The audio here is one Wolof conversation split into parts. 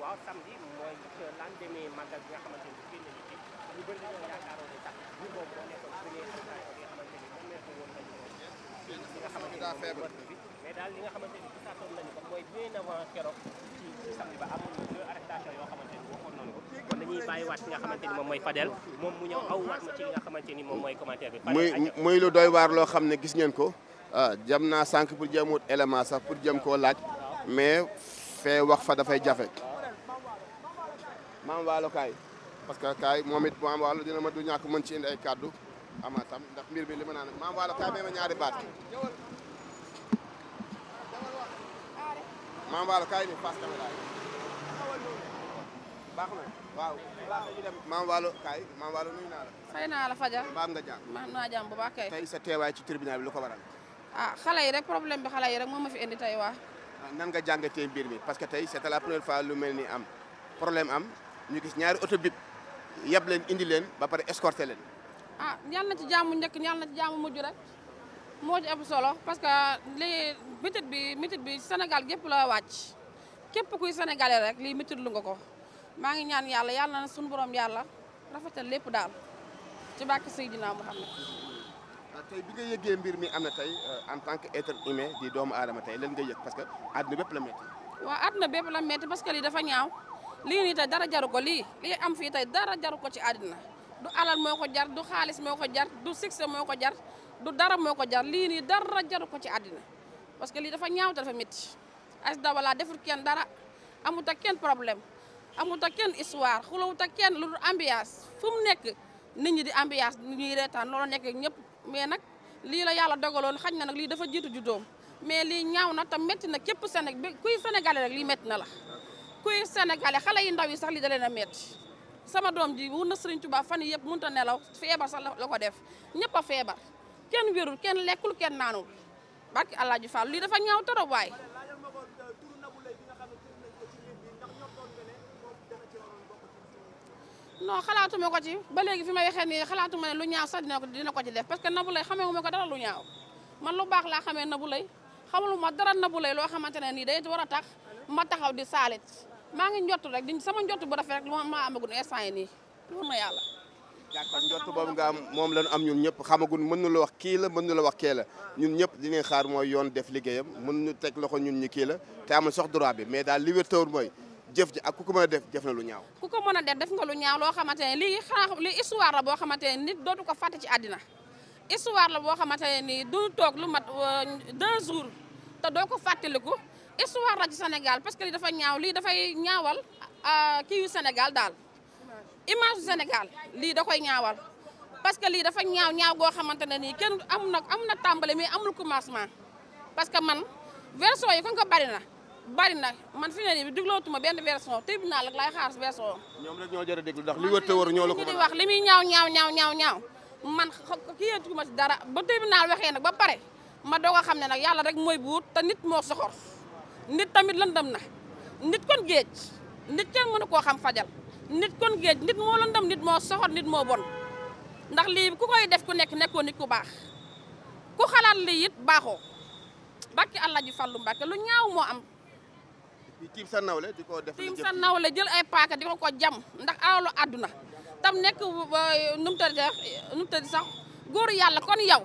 waaw samedi mooy l'an dernier màggal ci moo nekkoon nga xamante moom mooy bien moom mu ñëw aw waat ci nga xamante moom mooy commentaire bi muy muy lu doy waar loo xam ne gis ngeen ko ah, jam naa sànq pour jëmut élément sax pour jëm koo laaj mais fee wax fa dafay jafe maam waalo kaay parce que kaay moom it maam waalo dina ma du ñàkk mën ci ay kàddu ama tam ndax mbir bi li ma naan maam waalo kaay ñaari baat maam waalo kaay ni passe kaay maam waalo nuyu naa la naa la faja mbaam nga jàmm mbaam naa jàmm bu baax kay tey sa teewaay ci tribunal bi lu ko waral a ah, xale rek problème bi xale rek moom ma fi indi tey waa ah, nan nga jàngatee mbir mi parce que tey c'est la première fois lu mel ni am problème am ñu gis ñaari oto bip yab leen indi leen ba pare escorté leen. ah yal na ci jàmm njëkk yal na ci mujj rek moo ci ëpp solo parce que lii mitit bi mitit bi Sénégal gépp la wàcc képp kuy sénégalais rek lii mitit lu nga ko maa ngi ñaan yàlla yàlla na suñu borom yàlla rafetal lépp daal ci bàkk Seydina Muhammad ah, tey bi nga yëgee mbir mi am na tey euh, en tant que être humain di doomu aadama tey lan nga yëg parce que àdduna bépp la métti. waaw àdduna bépp la métti parce que lii dafa ñaaw. lii nii tey dara jaru ko lii lii am fii tey dara jaru ko ci àddina du alal moo ko jar du xaalis moo ko jar du succès moo ko jar du dara moo ko jar lii nii dara jaru ko ci àddina parce que lii dafa ñaaw te dafa métti Aziz Dabala deful kenn dara amut ak kenn problème amut ak kenn histoire xulawut ak kenn lu dul ambiance fu mu nekk nit ñi di ambiance ñuy reetaan loolu nekk ñëpp mais nag lii la yàlla dogaloon xañ na nag lii dafa jiitu ju doom mais lii ñaaw na te métti na képp Sénégal kuy Sénégalais rek lii métti na la kuy sénégalais xale yi ndaw yi sax li da leen a metti sama doom ji wur na Serigne Touba fan yëpp mënut a nelaw feebar sax la ko def ñëpp a feebar kenn wérul kenn lekkul kenn naanul barki allah ji Fall lii dafa ñaaw torop waay. non xalaatuma ko ci ba léegi fi ma waxee nii xalaatuma ne lu ñaaw sax dina ko dina ko ci def parce que Nabou Leye xamee wu ma ko dara lu ñaaw man lu baax laa xamee Nabou Leye xamuluma dara Nabou Leye loo xamante ne nii day war a tax. ma taxaw di saalit maa ngi njott rek di sama njott bu rafet rek ma maa amagun instant yi nii wóor na yàlla jàkkaar njott boobu nga am moom lañu am ñun ñëpp xamagun mën nu la wax kii la mën nu la wax kee la ñun ñëpp dinañ xaar mooy yoon def liggéeyam mën nu teg loxo ñun ñu kii la te amul sox droit bi mais daal li wér tawur mooy jëf ji ak ku ko mën a def jëf na lu ñaaw ku ko mën a def def loo xamante ne lii xanaa li histoire la boo xamante ne nit dootu ko fàtte ci àddina histoire la boo xamante ne nii du toog lu mat euh, deux jours ta doo ko fàttaliku histoire la ci Sénégal parce que lii dafa ñaaw lii dafay ñaawal euh, kii yu Sénégal daal image yu Sénégal lii da koy ñaawal parce que lii dafa ñaaw ñaaw goo xamante ne nii kenn am na am na tàmbali mais amul commencement parce que man version yi kon ko bari na bari na man fi ne nii déglootuma benn version tribunal rek laay xaar version. ñoom rek ñoo jar a déglu ndax li wër te wër ñoo la ko mën ñaaw ñaaw ñaaw ñaaw ñaaw man kii yëngu ma dara ba tribunal waxee nag ba pare ma doog xam ne nag yàlla rek mooy buur te nit nit tamit lëndëm na nit kon géej nit kenn mënu koo xam fajal nit kon géej nit moo lëndëm nit moo soxor nit moo bon ndax lii ku koy def ku nekk nekkoo nit ku baax ku xalaat lii it baaxoo bàkki allah ji fàllu mbàkke lu ñaaw moo am tiim sa nawle di ko def tiim sa nawle jël ay paaka di ko ko jam ndax alalu àdduna tam nekk euh, nu mu tëdd sax góor yàlla kon yow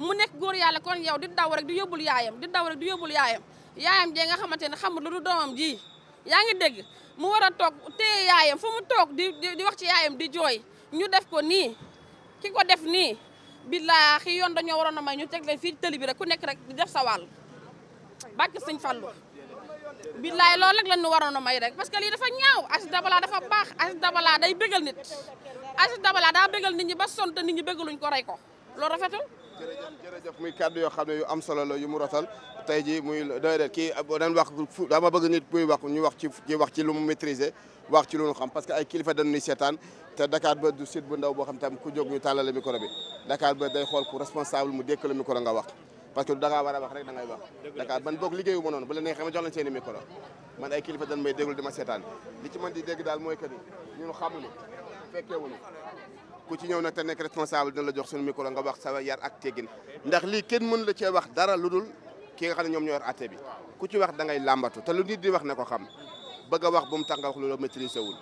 mu nekk góor yàlla kon yow di daw rek di yóbbul yaayam di daw rek di yóbbul yaayam yaayam jee nga xamante ne xamul lu du doomam ji yaa ngi dégg mu war a toog téye yaayam fu mu toog di di wax ci yaayam di jooy ñu def ko nii ki ko def nii billaahi yoon dañoo waroon a may ñu teg leen fii tëli bi rek ku nekk rek di def sa wàll bàkk sëñ Fallu billaay loolu rek la nu waroon a may rek parce que lii dafa ñaaw Aziz dabalaa dafa baax Aziz dabalaa day bégal nit Aziz Dabala daa bégal nit ñi ba sonn te nit ñi bégaluñ ko rey ko loolu rafetul jërëjëf jërëjëf muy kàddu yoo xam ne yu am solo la yu mu rotal tey jii muy doy kii dañ wax dama bëgg nit muy wax ñu wax ci ci wax ci lu mu maîtriser wax ci lu ñu xam parce que ay kilifa dañu ni seetaan te Dakar ba du site bu ndaw boo xam tam ku jóg ñu tàllale micro bi Dakar ba day xool ku responsable mu dékk la micro nga wax parce que du da war a wax rek da wax Dakar man boog liggéeyu ma noonu bu la neexee ma jox leen seen i micro man ay kilifa dañ may déglu di ma seetaan li ci mën di dégg daal mooy que ni ñun xamuñu fekkeewuñu ku ci ñëw nag te nekk responsable dina la jox suñu micro nga wax sa yar ak teggin ndax lii kenn mën la cee wax dara lu dul ki nga xam ne ñoom ñoo yor atte bi ku ci wax dangay ngay làmbatu te lu nit di wax na ko xam bëgg a wax bu mu tax nga wax loolu wul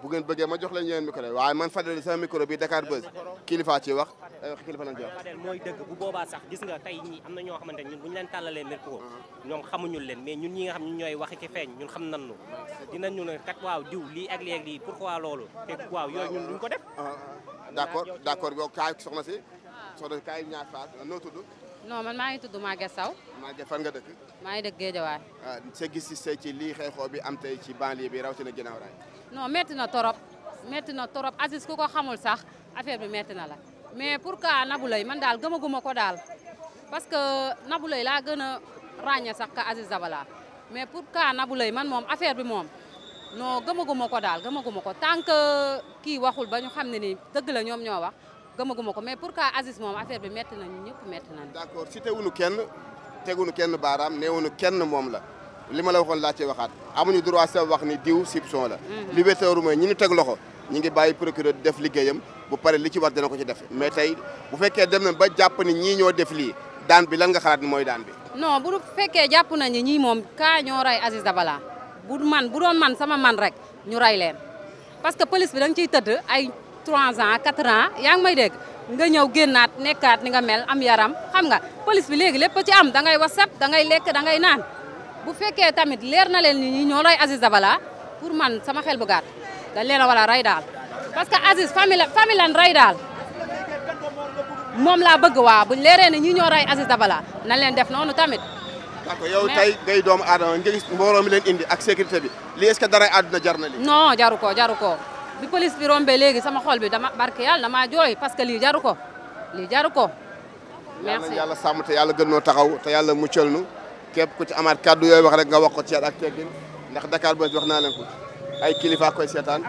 bu ngeen bëggee ma jox leen yeneen micro waaye man fàttali sama micro bi Dakar wax ay euh, waxi kilifa lañ mooy dëgg bu boobaa sax gis nga tey ñi am na ñoo xamante ñun bu ñu leen tàllalee micro uh-huh. ñoom xamuñu leen mais ñun ñi nga xam ñun ñooy waxi ki feeñ ñun xam nañu dinañu ne kat waaw diw lii ak lii ak lii pourquoi loolu te waaw yooyu ñun duñ ko def uh-huh. d'accord d'accord yow kaay soxna si ah. soxna kaa kaay ñaar faat noo tudd non man maa ngi tudd Maguette Sow Maguette fan nga dëkk maa ngi dëkk Guédiawaye ah, sa gis si say ci lii xeexoo bi am tey ci banlieue bi rawatina ginnaaw raay non metti na torop metti na torop Aziz ku ko xamul sax affaire bi metti na la mais pourquoi ka Leye man daal gëmaguma ko daal parce que nabulay Leye laa gën a ràññee sax ka Aziz Dabala mais pourquoi Nabou Leye man moom affaire bi moom non gëmaguma ko daal gëmaguma ko tant que kii waxul ba ñu xam ne ni dëgg la ñoom ñoo wax gëmaguma ko mais pourquoi Aziz moom affaire bi métti nañu ñëpp métti nañu. d'accord si teewuñu kenn teguñu kenn wu neewuñu kenn moom la li ma la waxoon laa cee waxaat amuñu droit sa wax ni diw soupçon la. Mm-hmm. liberté wu ñu teg loxo ñu ngi bàyyi procureur def liggéeyam. bu pare li ci war dina ko ci def mais tey bu fekkee dem na ba jàpp ni ñii ñoo def lii daan bi lan nga xalaat ni mooy daan bi. non bu fekkee jàpp nañu ñii moom kaa ñoo rey Aziz Dabala bu man bu doon man sama man rek ñu rey leen parce que police bi da nga ciy tëdd ay 3 ans quatre ans yaa ngi may dégg nga ñëw génnaat nekkaat ni nga mel am yaram xam nga police bi léegi lépp ci am da ngay wasap da ngay lekk da ngay naan bu fekkee tamit leer na leen ni ñii ñoo rey Aziz pour man sama xel bu a war a daal. parce que Aziz famille la famille lan rey daal moom laa bëgg waa bu leeree ne ñi ñoo rey Aziz Dabala nañ leen def na noonu tamit. d'accord yow tey ngay doomu aadama nga gis mbooloo mi leen indi ak sécurité bi li est-ce que dara àdduna jar na lii. non jaru ko jaru bi police bi rombee léegi sama xol bi dama barke yàlla ma jooy parce que lii jaru ko lii jaru ko. merci yàlla sàmm te yàlla gën noo taxaw te yàlla muccal nu képp ku ci amaat kàddu yooy wax rek nga wax ko ci ak teggin ndax Dakar Buzz wax naa leen ko ay kilifa koy seetaan.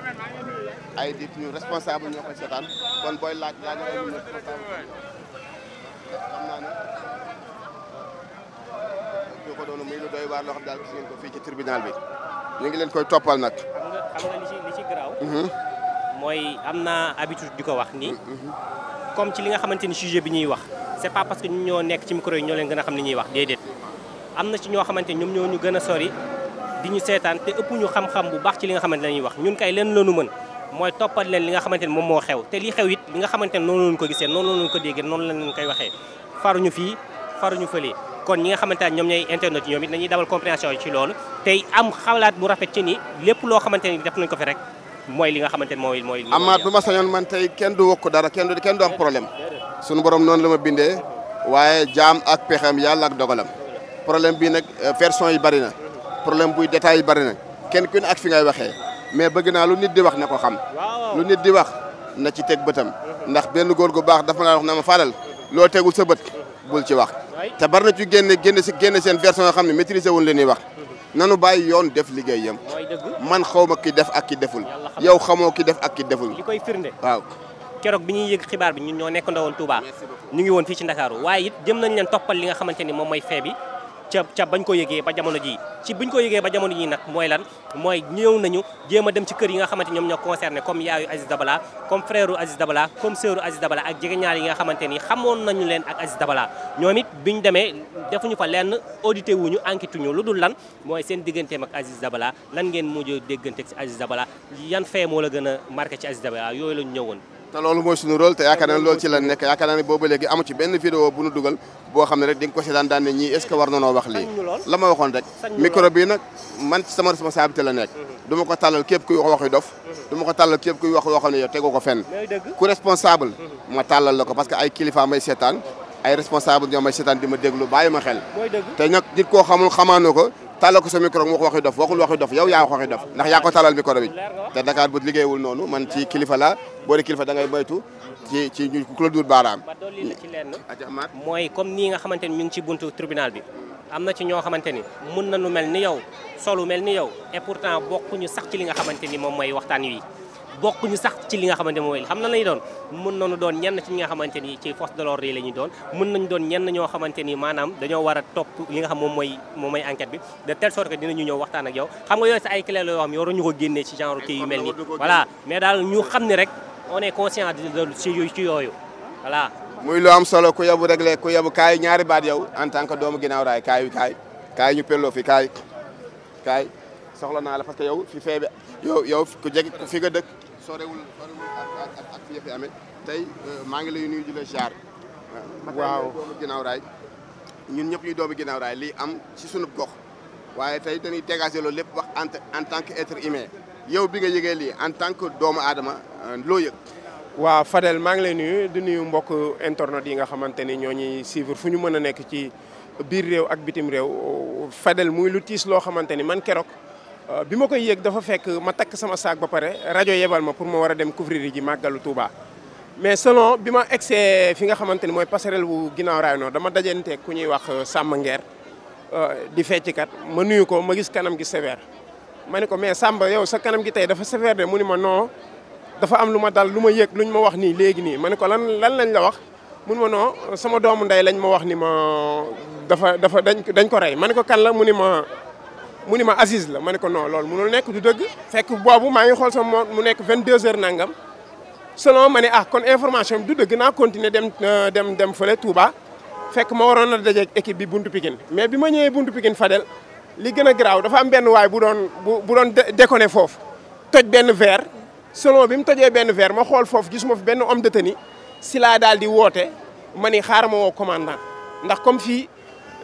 ay dit ñu responsable ñoo koy seetaan kon booy laaj laaj ay ñu ñu daal ci tribunal bi ñu ngi leen koy toppal nag xam nga ci li ci mhm. mooy am na habitude di ko wax ni mhm, mhm. comme ci li nga xamante ni sujet bi ñuy wax c'est pas parce que ñoo nekk ci micro yi ñoo leen gën a xam ni ñuy wax déedéet am na ci ñoo xamante ni ñoom ñoo ñu gën a sori di ñu seetaan te ëpp ñu xam-xam bu baax ci li nga xamante ne ñuy wax ñun kay leen lanu mën mooy toppal leen li nga xamante ni moom moo xew te li xew it li nga xamante ni noonu lañ ko gisee noonu lañ ko déggee noonu lañ leen koy waxee faruñu fii faruñu fële kon ñi nga xamante ne ñoom ñooy internet yi ñoom it nañuy dawal compréhension yi ci loolu tey am xalaat bu rafet ci ni lépp loo xamante ni def nañ ko fi rek mooy li nga xamante ni mooy mooy amaat bu ma sañoon man tey kenn du wokk dara kenn du kenn du am problème suñu borom noonu la ma bindee waaye jaam ak pexam yàlla ak dogalam problème bi nag euh, version yi bari na problème buy détails yi bari na kenn ku ne ak fi ngay waxee mais bëgg naa lu nit di wax na ko xam lu nit di wax na ci teg bëtam ndax benn góor gu baax dafa naa wax na ma faalal loo tegul sa bët bul ci wax te bari na ci génne génne si génne seen version yoo xam ne maîtriser wuñ li ñuy wax nanu bàyyi yoon def liggéeyam man xaw ma ki def ak ki deful yow xamoo ki def ak ki deful li koy firnde waaw keroog bi ñuy yëg xibaar bi ñun ñoo nekk ndawoon Touba ñu ngi woon fii ci Ndakaaru waaye it jëm nañ leen toppal li nga xamante ni moom mooy fee bi ca ca bañ ko yëgee ba jamono jii ci buñ ko yëgee ba jamono jii nag mooy lan mooy ñëw nañu jéem a dem ci kër yi nga xamante ñoom ñoo concerné comme yaayu Aziz Dabala comme frère Aziz Dabala comme sœuru Aziz Dabala ak jege jegeñaal yi nga xamante ni xamoon nañu leen ak Aziz Dabala ñoom it biñ demee defuñu fa lenn audité wuñu enquête ñu lu dul lan mooy seen digganteem ak Aziz Dabala lan ngeen mujj déggante ci Aziz Dabala yan fee moo la gën a marke ci Aziz Dabala yooyu lañu ñëwoon te loolu mooy suñu rôle te yaakaar naa ne loolu ci la nekk yaakaar naa ne boobu léegi amu ci benn vidéo bu nu dugal boo xam ne rek di ko seetaan daan ne wax lii la bi man sama responsabilité la nekk mhm. du ko tàllal képp kuy wax waxi dof mhm. du ko tàllal képp kuy wax waxoon ne yow tegu ko fen ku responsable mhm. ma tàllal la ko parce que ay kilifa may seetaan ay responsable ñoo may seetaan di ma déglu bàyyi ma xel te nag nit koo xamul xamaano ko tàllal ko sa micro mu wax waxi dof waxul waxi dof yow yaa wax waxi dof ndax yaa ko tàllal micro bi te Dakar bu noonu man ci kilifa la boo di kilifa da ngay baytu ci ci ñu baaraam ba dolli la mooy comme nii nga xamante ni ñu ngi ci buntu tribunal bi am na ci ñoo xamante ni mun na nu mel ni yow solu mel ni yow et pourtant bokkuñu sax ci li nga xamante ni moom mooy waxtaan wi bokkuñu sax ci li nga xamante mooy xam na lañu doon mën nañu doon ñenn ci ñi nga xamante ni la doon mën nañu doon ñenn maanaam dañoo war topp li nga xam moom mooy moom mooy enquête bi de telle sorte que dinañu ñëw waxtaan ak yow xam nga yooyu sa ay clé la yoo xam yoruñu ko génnee ci genre kii yu mel nii voilà mais daal on est conscient de ci yooyu ci am solo ku yebu réglé ku yebu kaay ñaari baat yow en tan que doomu ginnaaw raay kaay kaay kaay ñu pelloo fi kaay soxla naa la parce que yow fi feebe yow yow ku jege fi nga dëkk sorewul sorewul ak ak ak fi amee tey euh, maa ngi lay nuyu di la jaar. Euh, waaw doomu ginnaaw ñun ñëpp ñuy doomu ginnaaw raay lii am ci sunu gox. waaye tey dañuy dégager loolu lépp wax en tant que être humain yow bi nga yëgee lii en tant que doomu aadama euh, loo yëg. waaw Fadel maa ngi lay nuyu di nuyu mbokk internet yi nga xamante ni ñoo ñuy suivre fu ñu mën a nekk ci biir réew ak bitim réew Fadel muy lu tiis loo xamante ni man keroog. Euh, bi ma koy yéeg dafa fekk ma takk sama saak ba pare rajo yebal ma pour ma war a dem couvrir ji màggalu Touba. mais selon bi ma egsee fi nga xamante ni mooy passerelle bu ginnaaw raay noonu dama dajante ku ñuy wax euh, Samba Nguer euh, di fecckat ma nuyu ko ma gis kanam gi sévère. ma ne ko mais Samba yow sa kanam gi tey dafa sévère de mu ni ma noo dafa am lu ma dal lu ma yëg luñ ma wax nii léegi nii ma ne ko lan lan lañ la wax. mun ma noo sama doomu ndey lañ ma wax nii ma dafa dafa dañ dañ ko rey ma ne ko kan mu ni ma. mu ni ma Aziz la ma ne ko non loolu munul nekk du dëgg fekk boobu maa ngi xool sama mu nekk 22 heures nangam selon ma ne ah kon information bi du dëgg naa continuer dem euh, dem dem fële Touba fekk ma waroon na dajeeg équipe bi buntu Pikine mais bi ma ñëwee buntu Pikine Fadel li gën a garaaw dafa am benn waay bu doon bu doon déconné foofu toj benn verre selon bi mu tojee benn verre ma xool foofu gisuma fi benn om de tenue si laa daal di woote ma ni xaaral ma woo commandant ndax comme fii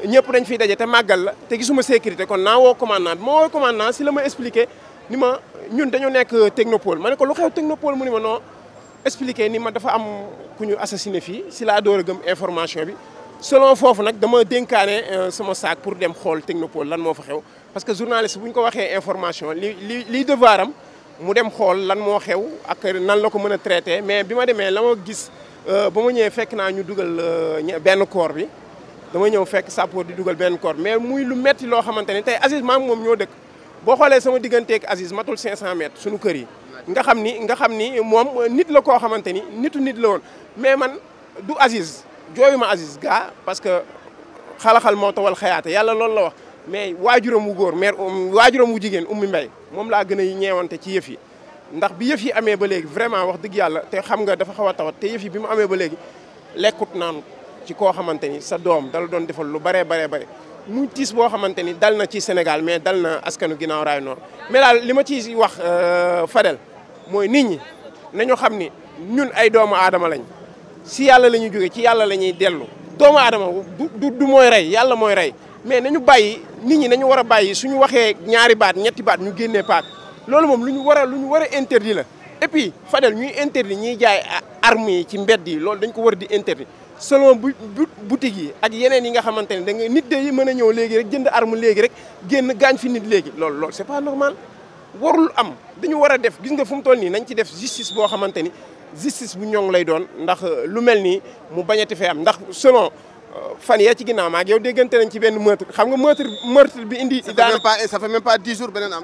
ñëpp dañ fiy daje te màggal la te gisuma sécurité kon naa woo commandant moo ma woo commandant si la ma expliqué ni ma ñun dañu nekk technopole ma ne ko lu xew technopole mu ni ma non expliqué ni ma dafa am ku ñu assassiné fii si la door a gëm information bi selon foofu nag dama dénkaane euh, sama saak pour dem xool technopole lan moo fa xew parce que journaliste bu ñu ko waxee information li li liy devoir am mu dem xool lan moo xew ak nan la ko mën a traité mais bi ma demee la ma gis euh, ba ma ñëwee fekk naa ñu dugal euh, benn corps bi damay ñëw fekk sappoor di dugal benn koor mais muy lu metti loo xamante ne tey Aziz maam moom ñoo dëkk boo xoolee sama digganteeg Aziz matul 500 mètres suñu kër yi nga xam ni nga xam ni moom nit la koo xamante ni nitu nit la woon mais man du Aziz jooyuma Aziz gaa parce que xalaxal moo tawal xayaate yàlla loolu la wax mais waajuram wu góor mère um, waajuram wu jigéen ummi mbay moom laa gën a ñeewante ci yëf yi ndax bi yëf yi amee ba léegi vraiment wax dëgg yàlla te xam nga dafa xaw a tawat te yëf bi mu amee ba léegi lekkut naanut ci koo xamante ni sa doom dal doon defal lu baree baree bare muy tiis boo xamante ni dal na ci Sénégal mais dal na askanu ginnaaw raay noor mais daal li ma ci wax euh, Fadel mooy nit ñi nañu xam ni ñun ay doomu aadama lañ si yàlla la ñuy jóge ci yàlla la ñuy dellu doomu aadama du du mooy rey yàlla mooy rey mais na ñu bàyyi nit ñi nañu war a bàyyi suñu waxee ñaari baat ñetti baat ñu génnee paak loolu moom lu ñu war a lu war a interdit la et puis Fadel ñuy interdit ñuy jaay armes yi ci mbedd yi loolu dañ ko war di interdit selon bu boutique yi ak yeneen yi nga xamante ne da nga nit day mën a ñëw léegi rek jënd arme léegi rek génn gaañ fi nit léegi loolu loolu c'est pas normal warul am dañu war a def gis nga fu mu toll nii nañ ci def justice boo xamante ni justice bu ñoŋ lay doon ndax euh, lu mel nii mu bañati fee am ndax selon euh, fan yaa ci ginnaaw ma ak yow déggante nañ ci benn meurtre xam nga meurtre meurtre bi indi. daanaka ça fait même pas ça fait pas dix jours beneen am.